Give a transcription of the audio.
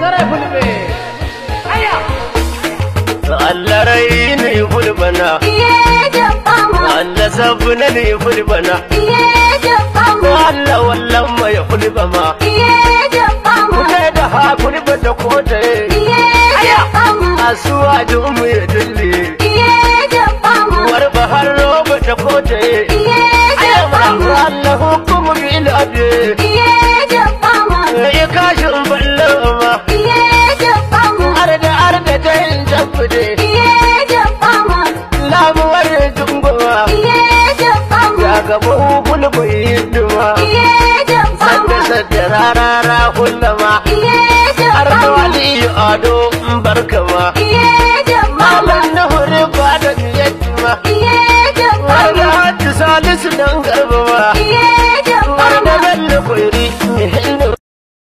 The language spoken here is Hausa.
gare fulbe aya Allah rai ne fulbana iye jabbama Allah sabuna ne fulbana iye jabbama Allah wallan mai fulbama iye jabbama ne da ha fulba da kote iye jabbama asuwa jumu ya dille iye jabbama warba har roba ta kote iye jabbama Allah hukumu bil adl iye jabbama ya kashin bal kude. Iye jabama. Labuwar junguma. Iye jabama. Ya gabo bulbu hidima. Iye jabama. Sadda sadda rarara kullama. Iye jabama. Arda waliyu ado barkama. Iye jabama. Malam nuhuri bada yadda. Iye jabama. Arda hadu salisu dan garbama. Iye jabama. Arda bello kuyi